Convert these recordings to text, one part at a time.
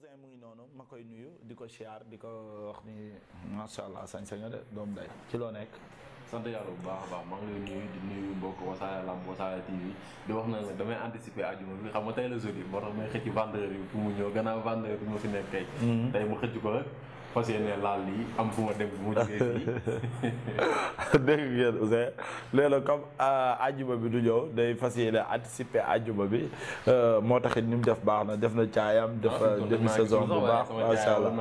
cousin mu ngi noonu ma koy nuyu di ko siyaar di ko wax ni macha allah sañ sañ de doom day ci loo nekk. sant yàlla bu baax baax maa ngi lay nuyu di nuyu mbokk Wassare Lamb Wassare TV di wax nag damay anticiper àjjuma bi xam nga tey la jeudi moo tax may xëcc vendeur yi pour mu ñëw gannaaw vendeur bi ma fi nekk tey. ma mm-hmm. xëcc ko rek. fas yéene laal lii am fu ma dem bu mu jógee fii. dégg ngeen Ousseyn léegi euh, bi du ñëw day fas yéene anticiper ajjuma bi euh, moo taxit ni mu def baax na def na caayam. def ah, demi saison bu baax macha allah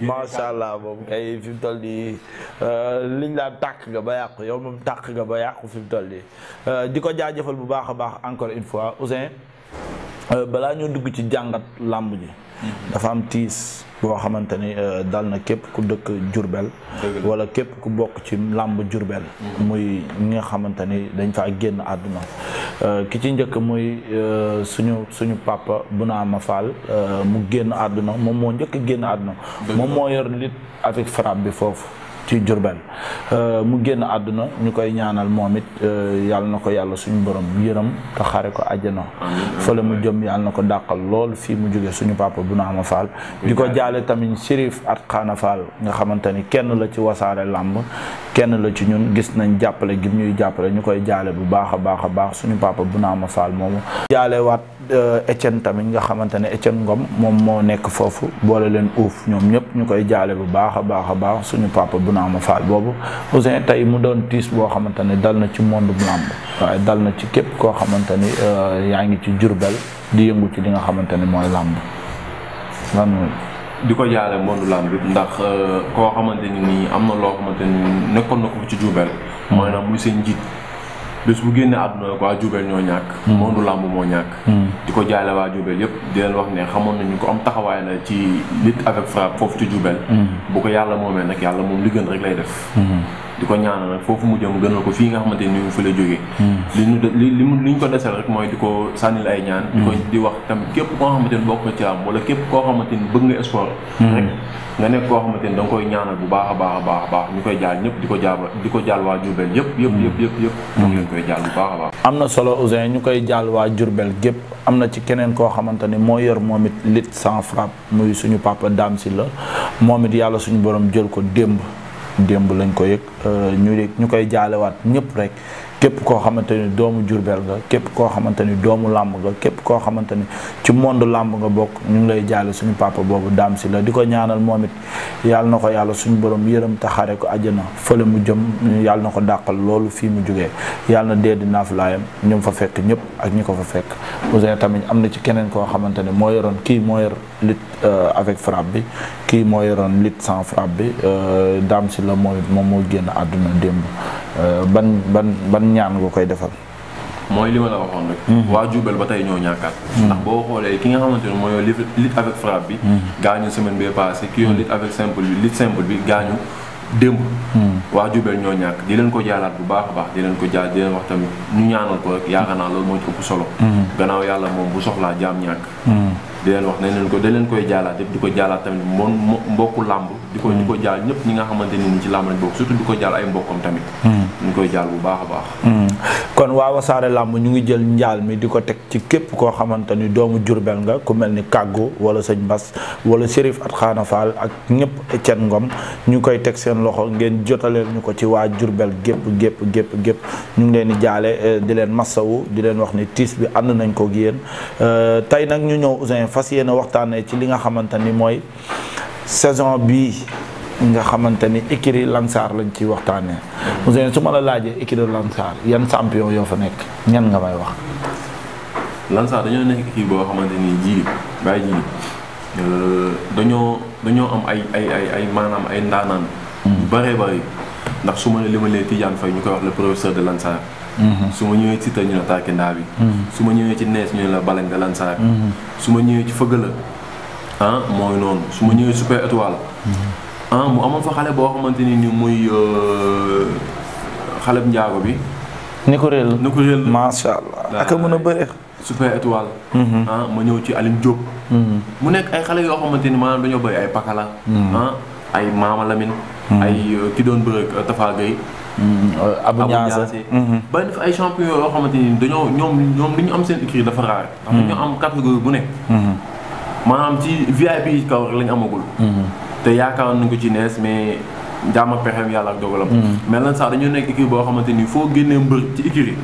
macha allah moom kay fi mu toll nii euh, liñ laa tàkk nga ba yàqu yow moom tàkk nga ba yàqu fi mu toll nii di ko jaajëfal bu baax a baax encore une fois Ousseyn balaa ñoo dugg ci jàngat làmb ji. dafa am tiis boo xamante euh, dal na képp ku dëkk Jurbel wala képp ku bokk ci làmb Jurbel mm-hmm. muy ñi nga xamante ni dañ fa génn àdduna euh, ki ci njëkk muy euh, suñu suñu bu papa Bounama Fall mu génn àdduna moom moo njëkk génn àdduna moom moo yor lutte avec frappe bi foofu ci Diourbel euh, mu génn àdduna ñu koy ñaanal moom it euh, yàlla na ko yàlla suñu borom yërëm te xare ko àjjana fële mu jëm yàlla na ko dàqal lool fii mu jóge suñu papa bu na ama Fall di ko jaale tamit Chérif at Xaana nga xamante ni kenn la ci wasaare làmb kenn la ci ñun gis nañ jàppale gi ñuy jàppale ñu koy jaale bu baax a baax a baax suñu papa bu na ama Fall moomu jaale waat euh, Etienne tamit nga xamante ne Etienne Ngom moom moo nekk foofu boole leen uuf ñoom ñëpp ñu koy jaale bu baax a baax suñu papa bu naa ma faal boobu Ouzin tey mu doon tiis boo xamante ne dal na ci monde bu làmb waaye dal na ci képp koo xamante ni euh, yaa ngi ci Jurbel di yëngu ci li nga xamante ni mooy làmb di ko jaale monde làmb bi ndax euh, koo xamante ni am na loo xamante ni nekkoon na ko ci Jurbel mooy nag muy seen njiit bés bu génne àdduna waa Diourbel ñoo ñàkk. Hmm. monde làmb moo ñàkk. Hmm. di ko jaale waa Diourbel yëpp di wax ne xamoon nañu ko am taxawaay la ci lutte avec frappe foofu ci Diourbel. Hmm. bu ko yàlla moomee nag yàlla moom li gën rek lay def. di ko ñaanal nag foofu mu jëm gënal ko fii nga xamante ni fi la jógee hmm. li ñu li li ñu ko desal rek mooy di ko sànnil ay ñaan di ko hmm. di wax tamit képp koo xamante ni bokk na ci làmb wala képp koo xamante ni bëgg nga sport hmm. rek nga nekk koo xamante ni da koy ñaanal bu baax a baax a baax a ñu koy jaal ñëpp di ko jaal di ko jaal waa Jurbel yëpp yëpp yëpp koy jaal bu baax a baax am na solo Ouzin ñu koy jaal waa Jurbel gépp am na ci keneen koo xamante ni moo yor moom it lit sans frappe muy suñu papa Dame Sylla moom it yàlla suñu borom ko démb démb lañ ko yëg euh, ñu ñu koy jaalewaat ñëpp rek képp koo xamante ni doomu Jurbel nga képp koo xamante ni doomu làmb nga képp koo xamante ni ci monde làmb nga bokk ñu ngi lay jaale suñu papa boobu daam si la di ko ñaanal moom it yàlla na ko yàlla suñu borom yërëm taxare ko àjjana fële mu jëm yàlla na ko dàqal loolu fii mu jógee yàlla na dee di naafulaayam ñu fa fekk ñëpp ak ñu ko fa fekk Ouzin tamit am na ci keneen koo xamante ne moo yoroon kii moo yor lutte euh, avec frappe bi kii moo yoroon lutte sans frappe bi euh, Dame si la mooy moom moo génn àdduna démb euh, ban ban ban ñaan nga koy defal. mooy li ma la waxoon rek. Mhm. waa Diourbel ba tey ñoo ñàkkaat. Mhm. ndax boo xoolee ki nga xamante ne mooy lutte avec frappe bi. Mhm. gaañu semaine bee passé ki yoon lutte avec simple bi lutte simple bi gaañu. démb waa Diourbel ñoo ñàkk di leen ko jaalaat bu baax a baax di leen ko jaal di leen wax tamit ñu ñaanal ko rek yaakaar loolu moo ëpp solo gannaaw yàlla moom di leen wax ne leen ko da leen koy jaalaat yëpp di ko jaalaat tamit moom mbokk làmb di ko di ko hmm. jaal ñëpp ñi nga xamante ni ci làmb lañ bokk surtout di ko jaal ay mbokkam tamit hmm. ñu koy jaal bu baax a baax hmm. kon waa wasaare làmb ñu ngi jël njaal mi di ko teg ci képp koo xamante ni doomu jurbel nga ku mel ni kàggu wala sëñ Bas wala Chérif at xaana ak ñëpp Etienne Ngom ñu koy teg seen loxo ngeen jotaleel ñu ko ci waa jurbel gépp gépp gépp gépp ñu ngi leen di jaale eh, di leen massawu di leen wax ni tiis bi ànd nañ ko ak yéen eh, tey nag ñu ñëw Ouzin fas yéene waxtaanee ci li nga xamante ni mooy saison bii nga xamante ni écurie Lansar lañ ciy waxtaanee. monsieur su ma la laajee écurie Lansar yan champion yoo fa nekk ñan nga may wax. Lansar dañoo nekk kii boo xamante ni ji bàyyi ji euh, dañoo dañoo am ay ay ay ay maanaam ay ndaanaan. yu mm-hmm. bëree bëri ndax su ma la limalee Tidiane Faye ñu koy wax le professeur de Lansar. Mm-hmm. su ma ñëwee ci Siteu ñu ne Tarkinda bi. Mm-hmm. su ma ñëwee ci nees ñu ne la Baleng de Lansar. su ma ñëwee ci Fëgg la. ah mooy noonu su ma ñëwee Super Étoile mm-hmm. ah mu amoon fa xale boo xamante ni ni muy euh, xale bu njaago bi. ni ko réel ni ko réel macha allah a mën a bëre. Super Étoile. Mm-hmm. ah ma ñëw ci Aline Diop. Mm-hmm. mu nekk ay xale yoo xamante ni maanaam dañoo bëri ay pakala. ah ay Maama ay euh, ki doon bëre Tafa Gueye. Abou bari na fa ay champion yoo xamante ni dañoo ñoom ñoom li ñu am seen écrit dafa raare. dafa ñu am nekk. maanaam ci VIP yi kaw rek lañ amagul. Mhm. te yaakaar nañ ko ci nees mais jaam ak pexeem yàlla ak dogalam. Mhm. mais lan sax dañoo nekk équipe boo xamante ni foo génnee mbër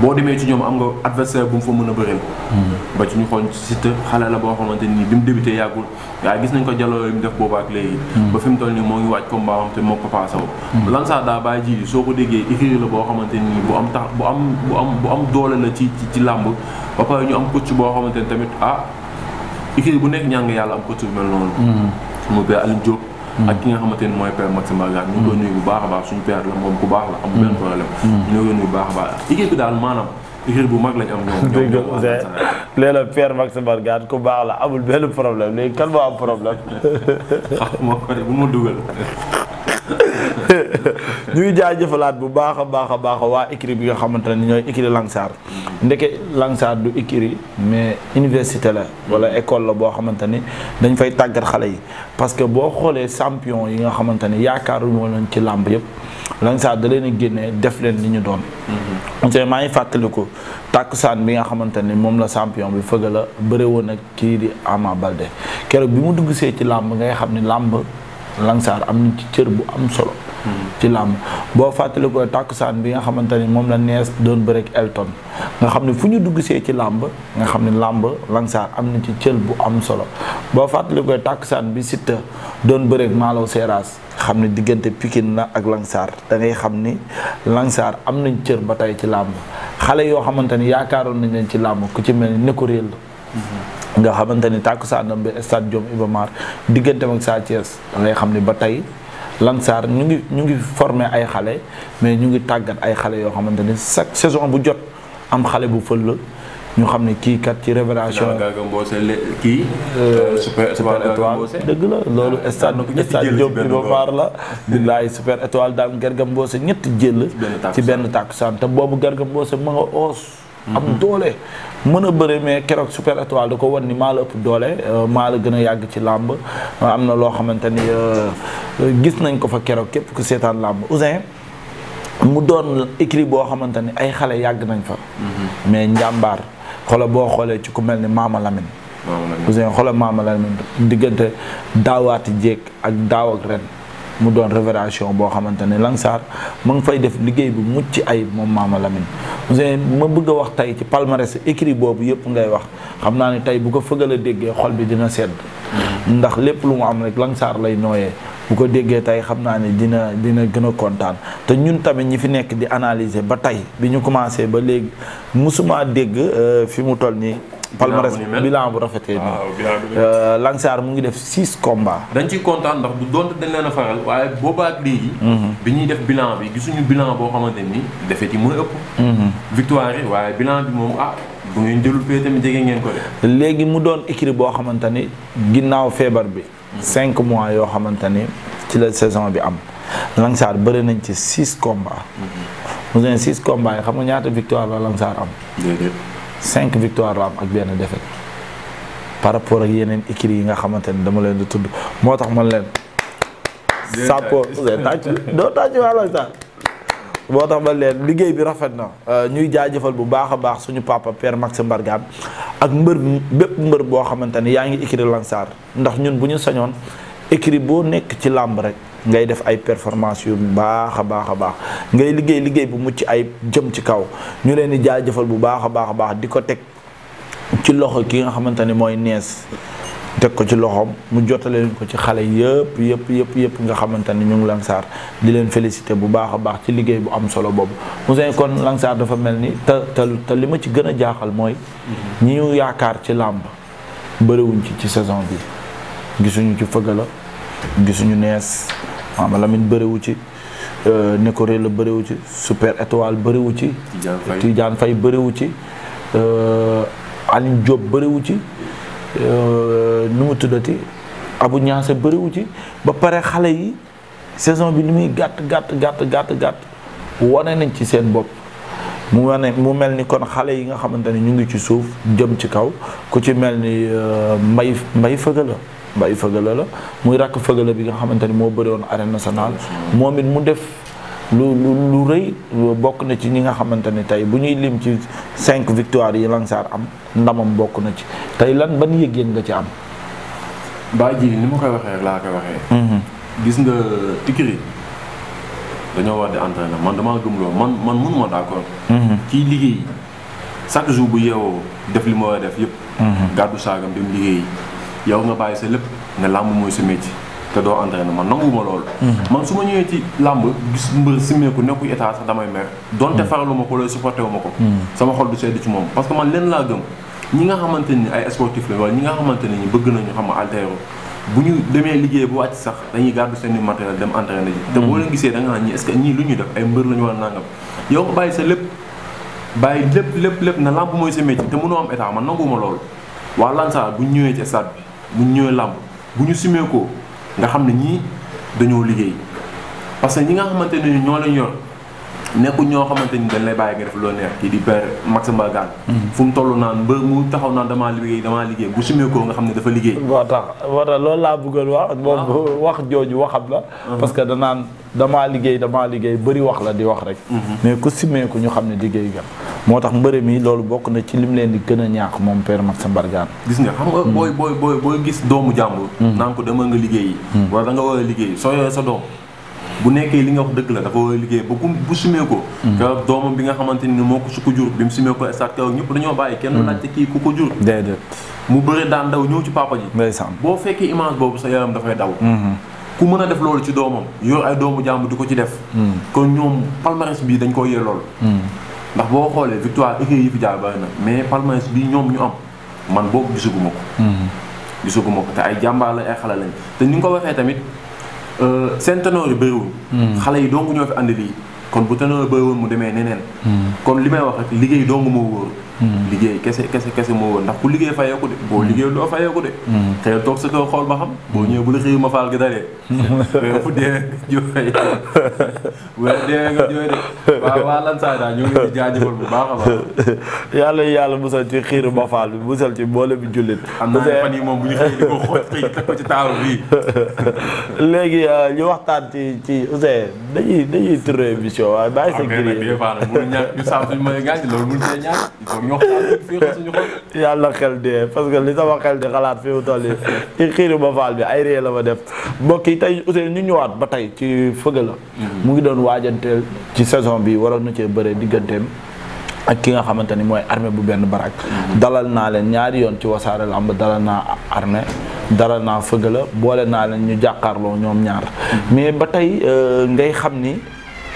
boo demee ci ñoom am nga adversaire bu mu fa mën a bëreel. Mhm. ba ci ñu xool Siteu xale la boo xamante ni bi débuté yàggul waaye gis nañ ko jaloor yi mu def ak léegi. ba fi mu toll nii moo ngi waaj combat am te moo Papa Sow. Lansar daa bàyyi ji soo ko déggee écurie la boo xamante ni bu am tax bu am bu am bu am doole la ci ci làmb ba pare ñu am coach boo xamante ni tamit ah. équipe bu nekk ñaan nga yàlla am coach bu mel noonu. Hmm. mu père Aliou Diop. Hmm. ak ki nga xamante ni mooy père Maxime Bagard hmm. ñu ngi koy nuyu bu baax a baax suñu père la moom ku baax la amul benn problème. ñu ngi koy bu a mag lañ am ñoom. dëgg la léegi nag père Maxime Bagard ku baax la amul benn problème léegi kan moo am problème. xam nga bu ma dugal. ñuy jaajëfalaat bu baax a baax a baax waa écurie bi nga xamante ne ñooy écurie Langsar ndeke Langsar du écurie mais université la wala école la boo xamante ni dañ fay tàggat xale yi parce que boo xoolee champion yi nga xamante ne yaakaaruñoo leen ci làmb yëpp Langsar da leen génnee def leen li ñu doon. Mm-hmm. monsieur maa ngi fàttaliku tàkkusaan bi nga xamante ni moom la champion bi fëgg la bëre woon ak kii di Ama Balde keroog bi mu dugg see ci làmb ngay xam ni làmb Langsar am na ci cër bu am solo. ci làmb boo fàttali ko tàkkusaan bi nga xamante ni moom la nees doon bërek Elton nga xam ne fu ñu dugg see ci làmb nga xam ne làmb Lansar am na ci cël bu am solo boo fàttali ko tàkkusaan bi Siteu doon bërek xam ne diggante Pikine la ak Lansar da xam ni Lansar am nañ cër ba tey ci làmb xale yoo xamante ni yaakaaroon nañ leen ci làmb ku ci mel ni ne réel nga xamante ni tàkkusaanam bi stade Diop Iba diggante digganteem saa Sa Thiès da ngay xam ni ba tey Lansar ñu ngi ñu ngi formé ay xale mais ñu ngi tàggat ay xale yoo xamante ne chaque saison bu jot am xale bu fël la ñu xam ne kii kat ci révélation kii. Euh, euh, super étoile dëgg la loolu ah, stade stade Diop bi ba maar la. billaay super étoile daan Garga Mbossé ñetti jël. ci benn tàkkusaan te boobu Garga Mbossé nga oos. am doole mën a bëre mais keroog super étoile da ko wan ni maa la ëpp doole euh, maa la gën a yàgg ci làmb euh, am na loo xamante ni euh, gis nañ ko fa keroog képp ku seetaan làmb Ouzin mu doon écrit boo xamante ni ay xale yàgg nañ fa mm-hmm. mais njàmbaar xoola boo xoolee ci ku mel ni Maama Lamine Ouzin xoola Maama Lamine diggante daawaati jéeg ak daaw ren mu doon révération boo xamante ne Lansar mu ngi fay def liggéey bu mucc ay moom Maama Lamine ma bëgg a wax tey ci palmarès écrit boobu yëpp ngay wax xam naa ne tey bu ko fëgal a déggee xol bi dina sedd ndax lépp lu mu am rek Lansar lay nooyee bu ko déggee tey xam naa ne dina dina gën a kontaan te ñun tamit ñi fi nekk di analyser ba tey bi ñu commencé ba léegi musuma dégg euh, fi mu toll nii palmarès bilan bu rafetee nii Langsar mu ngi def six komba dañ ciy kontaan ndax bu donte dañ leen a faral waaye boobaak léegi. Mhm. bi ñuy def bilan bi gisuñu bilan boo xamante ni defet yi mooy ëpp. Mhm. victoire yi waaye bi moom ah. bu ngeen tamit jege ngeen ko léegi mu doon écrit boo xamante ni ginnaaw feebar bi. Mhm. cinq mois yoo xamante ni ci la saison bi am Langsar bëri nañ ci six combats. mu ngi six combats yi xam nga ñaata victoire la Langsar am. cinq victoire la am ak benn défaite par rapport ak yeneen équipe yi nga xamante ne dama leen di tudd moo tax man leen. sàppo tàcc doo tàcc wàll sax moo tax man leen liggéey bi rafet na euh, ñuy jaajëfal bu baax a baax suñu papa père Max Mbargane ak mbër bépp mbër boo xamante ne yaa ngi écurie Lansar ndax ñun bu ñu sañoon. écrit boo nekk ci làmb rek ngay def ay performance yu baax a baax a baax ngay liggéey liggéey bu mucc ay jëm ci kaw ñu leen di jaajëfal bu baax a baax a baax di ko teg ci loxo ki nga xamante ne mooy nees teg ko ci loxoom mu jotale leen ko ci xale yëpp yëpp yëpp yëpp nga xamante ne ñu ngi Lansar di leen félicité bu baax a baax ci liggéey bu am solo boobu Ouzin kon Lansar dafa mel ni te te li ma ci gën a jaaxal mooy ñi ñu yaakaar ci làmb bëriwuñ ci ci saison bi gisuñu ci la gisuñu nees Maama Lamine bëriwu ci euh, Nekore la bëriwu ci Super Étoile bëriwu ci Tidiane fay bëriwu ci euh, Aline Diop bëriwu ci euh, nu mu tuddati Abu Ñaase bëriwu ci ba pare xale yi saison bi ni muy gàtt gàtt gàtt gàtt gàtt wane nañ ci seen bopp mu wane mu mel ni kon xale yi nga xamante ne ñu ngi ci suuf jëm ci kaw ku ci mel ni mbay mbay fëga la Mbaye Fëgala la muy rakk Fëgala bi nga xamante ni moo bëri woon arène nationale moom it mu def lu lu lu rëy bokk na ci ñi nga xamante ne tey bu ñuy lim ci cinq victoires yi Lansar am ndamam bokk na ci tey lan ban yëg-yëg nga ci am. baa ji li ma koy waxee rek laa koy waxee. Mhm. gis nga Tikiri dañoo war di entraîner man dama gëm loolu man man mënuma d'accord. ciy mhm. liggéey chaque jour bu yeewoo def li ma def yëpp. Mhm. gàddu saagam dem liggéeyi. yow nga bàyyi sa lépp ne làmb mooy sa métier te doo entraîné man nangu ma loolu. Mhm. man su ma ñëwee ci làmb gis mbër simmeeku nekkul état sax damay mer. donte mhm. faralu ma ko loolu supporté wu ma ko. Mhm. sama xol du sedd ci moom parce que man leen laa gëm ñi nga xamante ni ay sportif la wala ñi nga xamante ni bëgg nañu xam altéro bu ñu demee liggéey bu wàcc sax dañuy gàddu seen i matériel dem entraîné ji. te gisee da nga naan ñi est lu ñuy def ay mbër la ñu war a nangam yow bàyyi sa lépp bàyyi lépp lépp lépp na làmb mooy sa métier te mënoo am état man nangu ma loolu waa Lansar bu ñu ñëwee ci stade bi bu ñu ñëwee làmb bu ñu simee ko nga xam ne ñii dañoo liggéey parce que ñi nga xamante ne ñoo lañ yoon nekku ñoo xamante ni dañ lay bàyyi nga def loo neex kii di père Maxime Gane mm-hmm. fu mu toll naan ba mu taxaw naan damaa liggéey damaa liggéey bu sumee ko nga xam ne dafa liggéey moo tax moo tax loolu laa bëggoon wax moom wax jooju waxam la mm-hmm. parce que danaan damaa liggéey damaa liggéey bëri wax la di wax rek mm-hmm. mais ku sumee ñu xam ne liggéey nga moo tax mbërë mi loolu bokk na ci lim leen di gën a ñaax moom per Maxime Gane gis nga xam nga booy booy booy booy gis doomu jàmbur naan ko dama nga liggéey yi wala da nga war a liggéey soo yore sa doom bu nekkee li nga wax dëgg la dafa war liggéey ba ku bu sumee ko que mm. doomam bi nga xamante ni moo ko su ko jur bi mu sumee ko stat kaw ñëpp dañoo bàyyi kenn mm. laajte kii ku ko jur déedéet mu bëri daan daw ñëw ci papa ji boo fekkee image boobu sa yaram dafay daw mm-hmm. ku mën a def loolu ci doomam yor ay doomu jàmm di ko ci def mm. kon ñoom palmarès bi dañ ko yee loolu ndax boo xoolee victoire écurie yi fi jaar bari na mais palmarès bi ñoom ñu am man boobu gisuguma ko mm-hmm. gisuguma ko te ay jàmbaar la ay xale lañ te ni nga ko waxee tamit seen ténor yu bëriwul. Hmm. xale yi dong ñoo fi andi lii. kon bu tanoon a bëri woon mu demee neneen hmm. kon li may wax liggéey dong moo wóor hmm. liggéey kese kese kese moo wóor ndax ku liggéey fayeeku de boo hmm. liggéey doo fayeeku de xëyal toog sa kaw xool ba xam boo bu la xëyu gi dalee xëy fu dee nga jooy ñu ngi ci jaajëfal yàlla yàlla musal ci xiiru ma faal bi musal ci mboole bi jullit am na fan yi moom bu ñu xëy di ko ci taaru bii euh, ñu waxtaan ci ci dañuy dañuy yow waaye bàyyi sa giri yi yàlla xel dee parce que li sama xel di xalaat fi mu toll yi xiiru ba faal bi ay ree la ma def bokk yi tey Ousseynou ñu ñëwaat ba tey ci fëgg la mhm. mu ngi doon waajanteel ci saison bi waroon na cee bëre digganteem ak ki nga xamante ni mooy armée bu benn barak mhm. dalal naa leen ñaari yoon ci wasaare lamb dalal naa armée dalal naa fëgg la boole naa leen ñu jàkkaarloo ñoom ñaar mhm. mais ba tey euh, ngay xam ni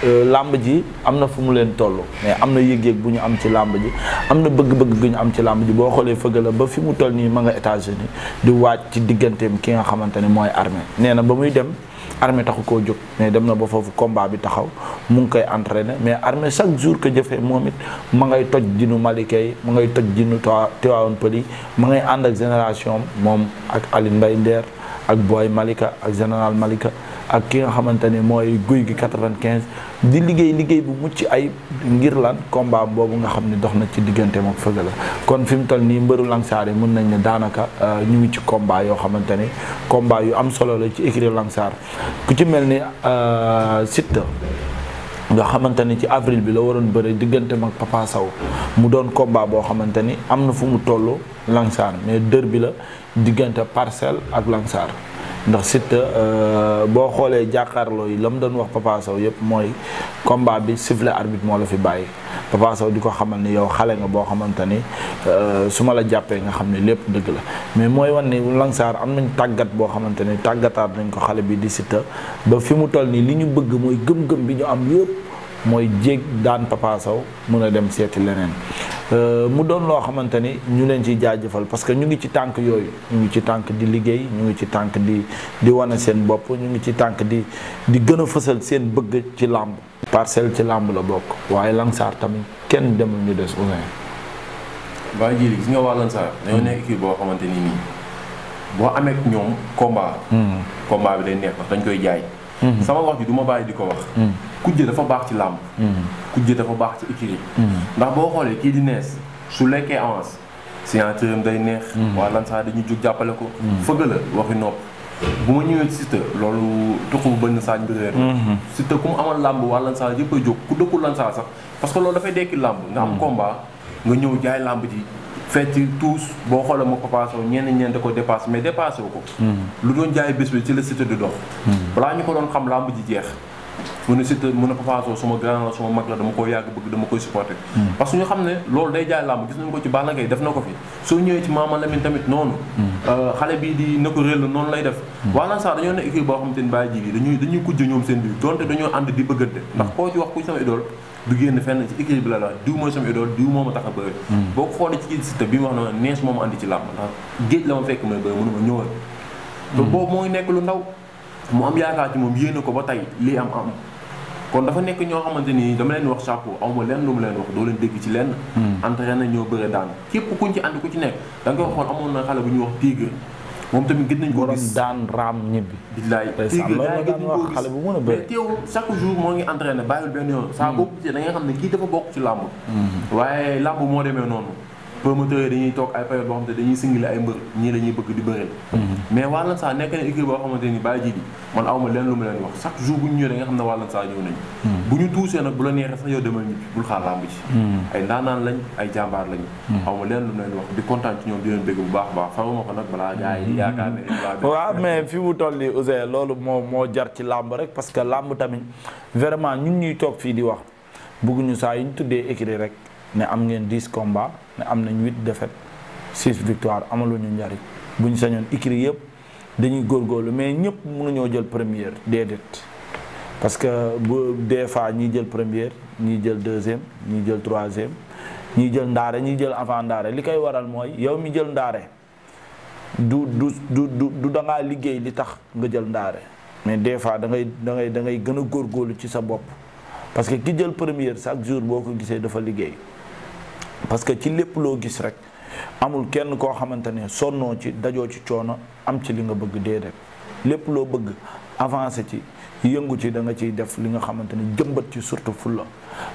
Euh, làmb ji am na fu mu leen toll mais am na yëg bu ñu am ci làmb ji am na bëgg-bëgg bu ñu am ci làmb ji boo xoolee fëgg la ba fi mu toll nii ma nga États-Unis di waaj ci digganteem ki nga xamante ne mooy armée nee na ba muy dem armée taxu koo jóg mais dem na ba foofu combat bi taxaw mu ngi koy entraîné mais armée chaque jour que jëfee moom it ma ngay toj dinu Malika yi ma ngay toj dinu Tiwaawan Pël yi ma ngay ànd ak génération moom ak Alioune Mbaye Nder ak Boy Malika ak général Malika ak ki nga xamante ni mooy guy gi 95 di liggéey liggéey bu mucc ay ngir lan combat boobu nga xam ni dox na ci diggante moom Feugeula kon fi mu toll nii mbëru Langsar yi mën nañ ne daanaka euh, ñu ngi ci combat yoo xamante ni combat yu am solo la ci écurie Langsar ku ci mel ni euh, Siteu nga xamante ni ci avril bi la waroon bëre diggante mag Papa Sow mu doon combat boo xamante ni am na fu mu toll Langsar mais dër bi la diggante parcelle ak Langsar ndax Siteu euh, boo xoolee jàkkaarloo yi la mu doon wax Papa Sow yëpp mooy combat bi sifflet arbitre moo la fi bàyyi Papa di ko xamal ni yow xale nga boo xamante ni euh, su ma la jàppee nga xam ne lépp dëgg la mais mooy wan ni Lansar am nañ tàggat boo xamante ni tàggataat nañ ko xale bi di Siteu ba fi mu toll nii li ñu bëgg mooy gëm-gëm bi ñu am yëpp. mooy jéeg daan Papa mun a dem seeti leneen euh, mu doon loo xamante ni ñu leen ciy jaajëfal parce que ñu ngi ci tànk yooyu ñu ngi ci tànk di liggéey ñu ngi ci tànk di di wane seen bopp ñu ngi ci tànk di di gën a fësal seen bëgg ci làmb parcelle ci làmb la bokk waaye Lansar tamit kenn demul ñu des Ouzin. waa ji gis nga waa Lansar. dañoo nekk boo xamante ni nii boo amee ñoom combat. Hmm. combat bi day neex dañ koy jaay. Mhm. sama wax ji du ma bàyyi di ko wax. Mhm. kujje dafa baax ci làmb. Mhm. kujje dafa baax ci écurie. ndax boo xoolee kii di nees su lekkee avance signature am day neex. waa Lansar dañuy jóg jàppale ko. fëgg la waxi nopp. bu ma ñëwee Siteu loolu tuq bu bënn saañ bi réer. Siteu ku mu amal làmb waa Lansar yëpp a jóg ku dëkkul Lansar sax parce que loolu dafay dekki làmb nga am combat nga ñëw jaay làmb ji. fecc tous boo xoolee ma Papa Sow ñenn ñenn da ko dépassé mais dépassé wu ko. Hmm. lu doon jaay bés bi ci la Siteu di dox. Hmm. balaa ñu ko doon xam làmb ji jeex. mu ne Siteu mu ne Papa suma grand suma mag la dama koy yàgg bëgg dama koy supporter. Hmm. parce que ñu xam ne loolu day jaay làmb gis nañu ko ci Balla Gaye def na ko fi soo ñëwee ci Mama Lamine tamit noonu. Euh, xale bii di na ko réel la noonu lay def. waa lan sax dañoo ne équipe boo xamante ni bàyyi ji bi dañuy dañuy kujj ñoom seen biir donte dañoo ànd di bëggante ndax koo du génn fenn ci équipe bi la la diw mooy sama idole diw moo ma tax a bëri hmm. boo ko xoolee ci Siteu bi mu wax noonu nees moo ma andi ci làmb ndax géej la ma fekk may bëri mënuma ñëwal hmm. te boobu mooy nekk lu ndaw mu am yaakaar ci moom yéene ko ba tey lii am am kon dafa nekk ñoo xamante nii dama leen wax chapeau aw ma lenn lu mu leen wax doo leen dégg ci lenn hmm. entraîné a ñoo bëre daan képp kuñ ci ànd ku ci nekk da nga xool amoon na xale bu ñu wax Tigre moom tamit gën nañ ko gis daan raam ñibbi. billaay loolu la daan wax xale bu mën a bëri. mais chaque jour moo ngi entraîné bàyyil benn yoon. saa hmm. boobu da nga xam ne kii dafa bokk ci làmb. Hmm. waaye làmb moo demee noonu. promoteurs yi dañuy toog ay période boo xamante dañuy singale ay mbër ñii la ñuy bëgg di bëreel mhm. mais wàllan saa nekk na équipe boo xamante ni bàyyi ji bi man awma leen lu ma leen wax chaque jour bu ñu ñëwee da nga ne wàllan saa ñëw nañ mhm. bu ñu tuusee nag bu mhm. ay ndaanaan lañ ay jàmbaar lañ lu ma di kontaan ci ñoom baax baax faruma ko nag balaa gars yi yaakaar ne waaw mais fi mu loolu moo moo jar ci làmb rek parce que làmb tamit vraiment ñun ñuy toog fii di wax bëgguñu saa yu ñu tuddee écrit rek ne am ngeen dix combats ne am nañ huit défaites six victoires amaluñu njariñ bu ñu sañoon écrit yëpp dañuy góorgóorlu mais ñëpp mënuñoo jël première déedéet. parce que bu des fois ñiy jël première ñiy jël deuxième ñiy jël troisième ñiy jël ndaare ñuy jël avant ndaare li koy waral mooy yow mi jël ndaare du du du du du liggéey li tax nga jël ndaare mais des fois da ngay da ngay gën a góor góorgóorlu ci sa bopp parce que ki jël première chaque jour boo ko gisee dafa liggéey. parce que ci lépp loo gis rek amul kenn koo xamante ne sonnoo ci dajoo ci coono am ci li nga bëgg déedéet lépp loo bëgg avancé ci yëngu ci da nga ciy def li nga xamante ni jëmbat ci surtout fulla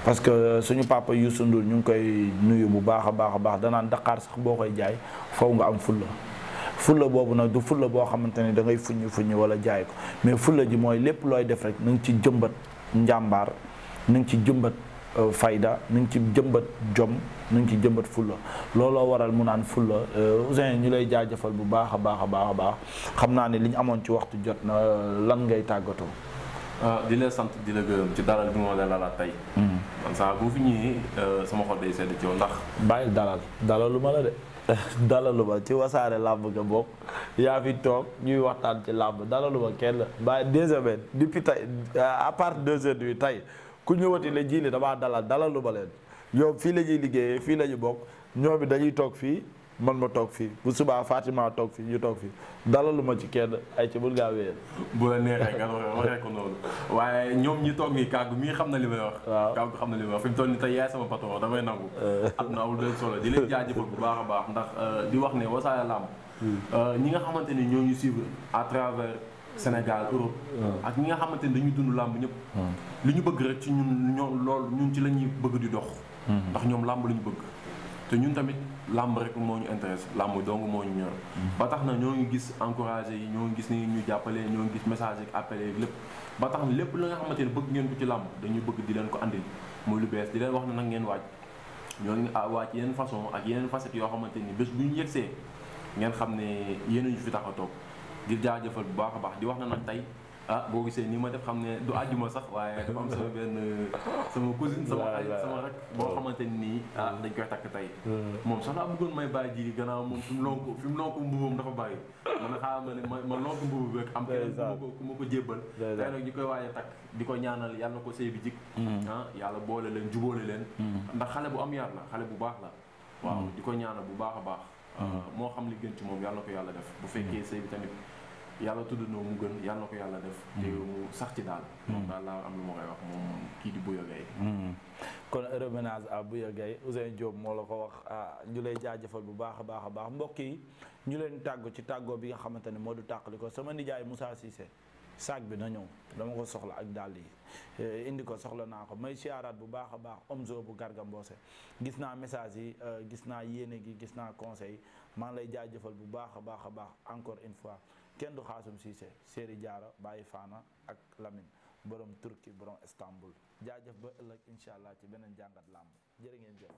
parce que suñu papa Youssou sundul ñu ngi koy nuyu bu baax a baax a baax danaan Dakar sax boo koy jaay fow nga am fulla fulla boobu nag du fulla boo xamante ni da ngay fuññi wala jaay ko mais fulla ji mooy lépp looy def rek na nga ci jëmbat njàmbaar na nga ci jëmbat Euh, fayda mi ngi ci jëmbat jom mi ngi ci jëmbat fulla looloo waral mu naan fulla euh, Ouzin ñu lay jaajëfal bu baax a baax a baax a baax xam naa ne li ñu amoon ci waxtu jot na lan ngay tàggatoo. Euh, di la sant di la gërëm ci dalal bi ma la laalaat tey. Hmm. man saa boo sama xol day ci ndax. bàyyil dalal dalalu ma la de. dalalu ma ci wasaare làmb nga bokk yaa fi toog ñuy waxtaan ci làmb dalalu ma kenn bàyyi deux semaines depuis tey à part deux heures bi tey. ku ñëwati la ji li damaa dalal dalalu ba leen yow fii la ñuy liggéeyee fii lañuy bokk ñoom it dañuy toog fii man ma toog fii bu subaa Fatima toog fii ñu toog fii dalalu ma ci kenn ay ci bul ngaa wéyal. bu la neexee nga waxee ko noonu waaye ñoom ñi toog nii kàggu mii xam na li may wax. waaw kàggu xam na li may wax fi mu toll nii tey yaay sama patron damay nangu. am na awul doon di leen jaajëfal bu baax a baax ndax euh, di wax ne Wassare Lamb hmm. euh, ñi nga xamante ni ñoo Sénégal Europe. ak ñi nga xamante ni dañuy dund làmb ñëpp. li ñu bëgg rek ci ñun ñoo lool ñun ci la ñuy bëgg di dox. Hmm. ndax ñoom làmb lu ñu bëgg. te ñun tamit làmb rek moo ñu intéresse làmb dong moo ñu ñor. Hmm. ba tax na ñoo ngi gis encouragé yi ñoo ngi gis ni ñu jàppalee ñoo ngi gis message ak appel yeeg lépp. ba tax na lépp li nga xamante ni bëgg ngeen ko ci làmb dañuy bëgg di leen ko andil muy lu bees di leen wax ne nag ngeen waaj ñoo ngi ah, waaj yeneen façon ak yeneen facette yoo xamante ni bés bu ñu yegsee ngeen xam ne yéen ñu fi tax a toog di jaajëfal bu baax a baax di wax na nag tey ah boo gisee nii ma def xam ne du àjjuma sax waaye dafa am sama benn sama cousine sama xarit sama rek boo xamante nii ah hmm. dañ koy takk tey hmm. moom sax laa bëggoon may bàyyi jiri gannaaw moom fi mu lonk fi mu lonk dafa bàyyi man a xaaral ma ne ma mbubu bi rek am kenn ku ma ko ku ma ko koy waaje takk di ko ñaanal yàlla na ko sëy bi jik hmm. ah yàlla boole leen jubóole leen ndax xale bu am yar la xale bu baax la waaw di ko ñaanal bu baax a baax moo xam li gën ci moom yàlla ko yàlla def bu fekkee sëy bi tamit yàlla tudd na mu gën yàlla ko yàlla def. Mm. te mu sax ci daal. moom daal laa am lu ma koy wax moom kii di Bouya mm. kon reménage à Bouya Gaye Ousseynou moo la ko wax ah, ñu lay jaajëfal bu baax a baax a baax mbokk yi ñu leen tàggu ci tàggoo bi nga xamante ne moo du tàqali ko sama nijaay Moussa Cissé. saag bi na ñëw dama soxla ak dàll eh, indi ko soxla naa ko may bu baax a baax Omzo bu Garga Mbossé gis naa message yi euh, gis naa yéene gi gis naa conseil maa ngi lay jaajëfal bu baax a baax a baax encore une fois kenn du xaasum siise séeri jaara bàyyi faana ak Lamine borom Turki borom Istanbul jaajëf ba ëllëg incha allah ci beneen jàngat làmb jërë ngeen jëf